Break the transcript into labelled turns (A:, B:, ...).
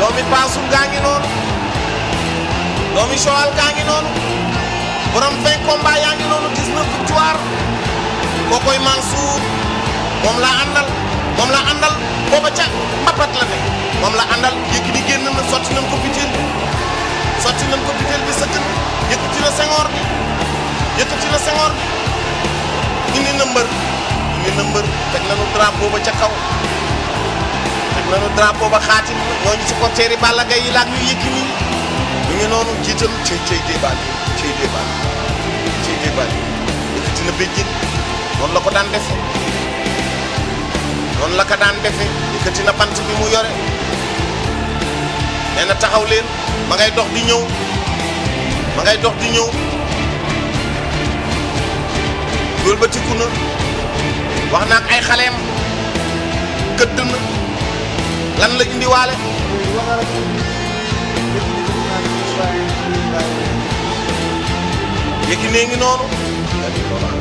A: doomi Paasum gaa ngi noonu doomi Joal gaa ngi noonu borom vingt combat yaa ngi noonu dix-neuf victoire koo koy Mansour moom laa àndal moom laa àndal booba ca mbapat la ne moom la àndal yëkki di génn na sotti nañ ko butéel bi sotti nañ ko butéel bi sëkk yëkkati na sengoor bi yëkkati na sengoor bi indi na mbër indi na mbër teg nañu drapeau ba ca kaw nanu drapeau ba xaatim ñooñu supporters yi Balla Gaye yi laak ñuy yëkki ni ñu noonu jiital cey cey débat yi cey débat yi noonu la ko daan defe noonu la ko daan defe yëkkati na bant bi mu yore nee na taxaw leen ma ngay dox di ñëw ma ngay dox di ñëw wëlbatiku na wax na ak ay xaleem gëdd na lan la indiwaale.
B: Yékini ngi noonu.